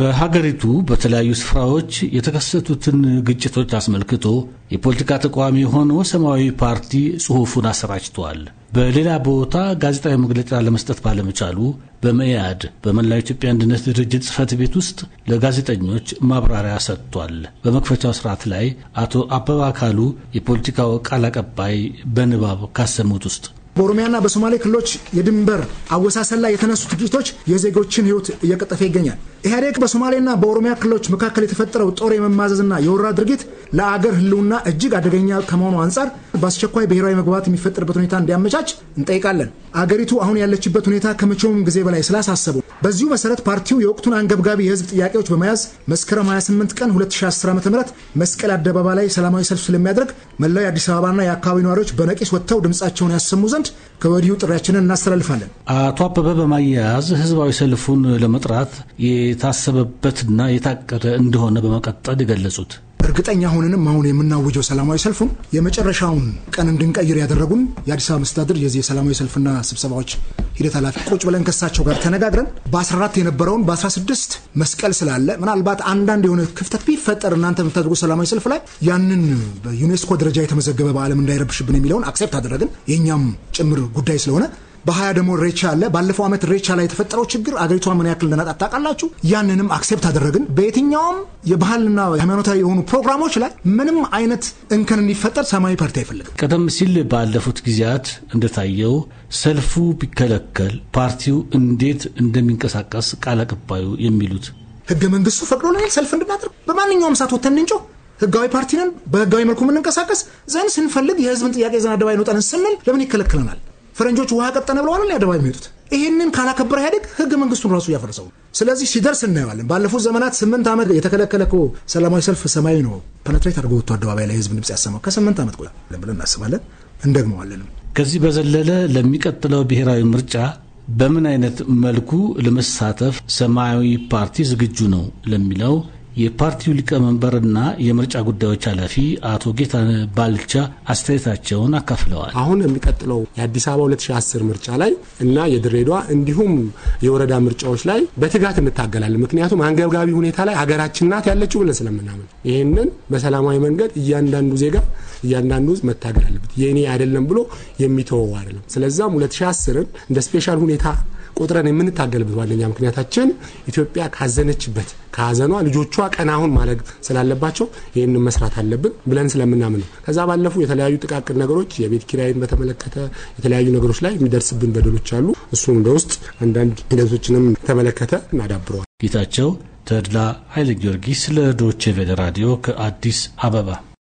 በሀገሪቱ በተለያዩ ስፍራዎች የተከሰቱትን ግጭቶች አስመልክቶ የፖለቲካ ተቋሚ የሆነው ሰማያዊ ፓርቲ ጽሑፉን አሰራጭተዋል። በሌላ ቦታ ጋዜጣዊ መግለጫ ለመስጠት ባለመቻሉ በመኢአድ በመላው ኢትዮጵያ አንድነት ድርጅት ጽሕፈት ቤት ውስጥ ለጋዜጠኞች ማብራሪያ ሰጥቷል። በመክፈቻው ስርዓት ላይ አቶ አበባ አካሉ የፖለቲካው ቃል አቀባይ በንባብ ካሰሙት ውስጥ በኦሮሚያና በሶማሌ ክልሎች የድንበር አወሳሰል ላይ የተነሱት ግጭቶች የዜጎችን ሕይወት እየቀጠፈ ይገኛል። ኢህአዴግ በሶማሌና በኦሮሚያ ክልሎች መካከል የተፈጠረው ጦር የመማዘዝና የወረራ ድርጊት ለአገር ህልውና እጅግ አደገኛ ከመሆኑ አንጻር በአስቸኳይ ብሔራዊ መግባባት የሚፈጠርበት ሁኔታ እንዲያመቻች እንጠይቃለን። አገሪቱ አሁን ያለችበት ሁኔታ ከመቼውም ጊዜ በላይ ስላሳሰቡ በዚሁ መሰረት ፓርቲው የወቅቱን አንገብጋቢ የህዝብ ጥያቄዎች በመያዝ መስከረም 28 ቀን 2010 ዓ ም መስቀል አደባባይ ላይ ሰላማዊ ሰልፍ ስለሚያደርግ መላው የአዲስ አበባና የአካባቢ ነዋሪዎች በነቂስ ወጥተው ድምፃቸውን ያሰሙ ዘንድ ከወዲሁ ጥሪያችንን እናስተላልፋለን። አቶ አበበ በማያያዝ ህዝባዊ ሰልፉን ለመጥራት የታሰበበትና የታቀደ እንደሆነ በመቀጠል የገለጹት እርግጠኛ ሆነንም አሁን የምናውጀው ሰላማዊ ሰልፉን የመጨረሻውን ቀን እንድንቀይር ያደረጉን የአዲስ አበባ መስተዳድር የዚህ የሰላማዊ ሰልፍና ስብሰባዎች ሂደት ኃላፊ ቁጭ ብለን ከሳቸው ጋር ተነጋግረን በ14 የነበረውን በ16 መስቀል ስላለ ምናልባት አንዳንድ የሆነ ክፍተት ቢፈጠር እናንተ የምታደርጉ ሰላማዊ ሰልፍ ላይ ያንን በዩኔስኮ ደረጃ የተመዘገበ በዓለም እንዳይረብሽብን የሚለውን አክሴፕት አደረግን። የእኛም ጭምር ጉዳይ ስለሆነ በሀያ ደግሞ ሬቻ አለ። ባለፈው ዓመት ሬቻ ላይ የተፈጠረው ችግር አገሪቷ ምን ያክል እንደናጣት ታውቃላችሁ። ያንንም አክሴፕት አደረግን። በየትኛውም የባህልና ሃይማኖታዊ የሆኑ ፕሮግራሞች ላይ ምንም አይነት እንከን እንዲፈጠር ሰማያዊ ፓርቲ አይፈልግም። ቀደም ሲል ባለፉት ጊዜያት እንደታየው ሰልፉ ቢከለከል ፓርቲው እንዴት እንደሚንቀሳቀስ ቃል አቀባዩ የሚሉት ህገ መንግስቱ ፈቅዶልናል ሰልፍ እንድናደርግ በማንኛውም ሰዓት ወተን እንጮ ህጋዊ ፓርቲ ነን፣ በህጋዊ መልኩ የምንንቀሳቀስ ዘንድ ስንፈልግ የህዝብን ጥያቄ ዘና ደባ ይንወጣልን ስንል ለምን ይከለክለናል? ፈረንጆች ውሃ ቀጠነ ብለዋል አደባባይ የሚሄዱት ይህንን ካላከበረ ኢህአዴግ ህገ መንግስቱን ራሱ እያፈረሰው ነው። ስለዚህ ሲደርስ እናየዋለን። ባለፉት ዘመናት ስምንት ዓመት የተከለከለ እኮ ሰላማዊ ሰልፍ ሰማይ ነው ፐነትሬት አድርጎ ወጥቶ አደባባይ ላይ ህዝብ ድምፅ ያሰማው ከስምንት ዓመት ቆይ ብለን እናስባለን፣ እንደግመዋለንም። ከዚህ በዘለለ ለሚቀጥለው ብሔራዊ ምርጫ በምን አይነት መልኩ ለመሳተፍ ሰማያዊ ፓርቲ ዝግጁ ነው ለሚለው የፓርቲው ሊቀመንበርና የምርጫ ጉዳዮች ኃላፊ አቶ ጌታ ባልቻ አስተያየታቸውን አካፍለዋል። አሁን የሚቀጥለው የአዲስ አበባ 2010 ምርጫ ላይ እና የድሬዷ እንዲሁም የወረዳ ምርጫዎች ላይ በትጋት እንታገላለን። ምክንያቱም አንገብጋቢ ሁኔታ ላይ ሀገራችን ናት ያለችው ብለን ስለምናምን ይህንን በሰላማዊ መንገድ እያንዳንዱ ዜጋ እያንዳንዱ ህዝብ መታገል አለበት። የእኔ አይደለም ብሎ የሚተወው አይደለም። ስለዛም 2010ን እንደ ስፔሻል ሁኔታ ቆጥረን የምንታገልበት ዋነኛ ምክንያታችን ኢትዮጵያ ካዘነችበት ከሀዘኗ ልጆቿ ቀና አሁን ማለግ ስላለባቸው ይህን መስራት አለብን ብለን ስለምናምን ነው። ከዛ ባለፉ የተለያዩ ጥቃቅን ነገሮች የቤት ኪራይን በተመለከተ የተለያዩ ነገሮች ላይ የሚደርስብን በደሎች አሉ። እሱም እንደ ውስጥ አንዳንድ ሂደቶችንም ተመለከተ እናዳብረዋል። ጌታቸው ተድላ ኃይለ ጊዮርጊስ ለዶቼ ቬለ ራዲዮ ከአዲስ አበባ